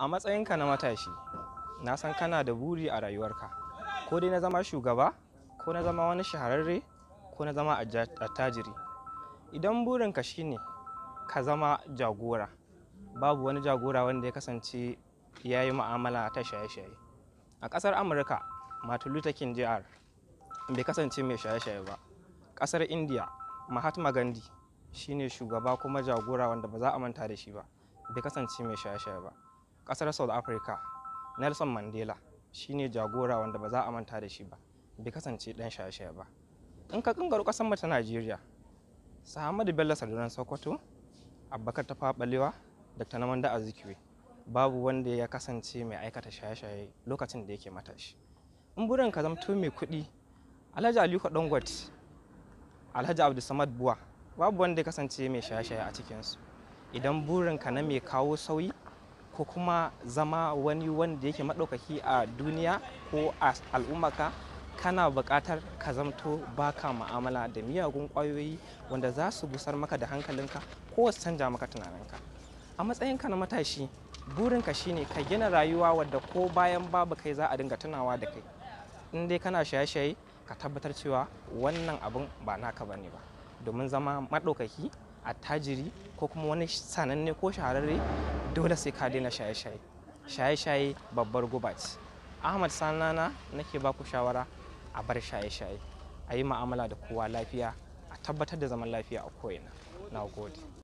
A matsayinka na matashi, na san kana da buri a rayuwarka, ko dai na zama shugaba, ko na zama wani shahararre, ko na zama attajiri. Idan burinka shine ka zama jagora, babu wani jagora wanda ya kasance ya yi ma'amala ta shaye-shaye. A ƙasar Amurka, Martin Luther King Jr. bai kasance mai shaye-shaye ba. Ƙasar Indiya, Mahatma Gandhi shine shugaba kuma jagora wanda ba za a manta da shi ba, bai kasance mai shaye-shaye ba. kasar south africa nelson mandela shine jagora wanda ba za a manta da shi ba bai kasance ɗan shaye ba in ka kangaru ƙasar mu ta najeriya ahmadu Bello Sadunan Sokoto, Abubakar Tafabalewa da Dr. Namanda Azikiwe, babu wanda ya kasance mai aikata shaye-shaye lokacin da yake matashi. In burin ka zamto mai kuɗi, Alhaji Aliko Dangot, Alhaji Abdulsamad Buwa, babu wanda ya kasance mai shaye-shaye a cikinsu. Idan burin ka na mai kawo sauyi, ko kuma zama wani wanda yake maɗaukaki a duniya ko a al'ummaka kana buƙatar ka zamto baka ma'amala da miyagun ƙwayoyi wanda za su gusar maka da hankalinka ko su canja maka tunaninka a matsayinka na matashi burinka shine ka gina rayuwa wadda ko bayan babu kai za a dinga tunawa da kai in dai kana shaye-shaye ka tabbatar cewa wannan abun ba naka bane ba domin zama maɗaukaki attajiri ko kuma wani sananne ko shahararre dole sai ka daina shaye-shaye shaye-shaye babbar guba ce ahmad sanana nake baku shawara a bar shaye-shaye a yi ma'amala da kowa lafiya a tabbatar da zaman lafiya a ko'ina na gode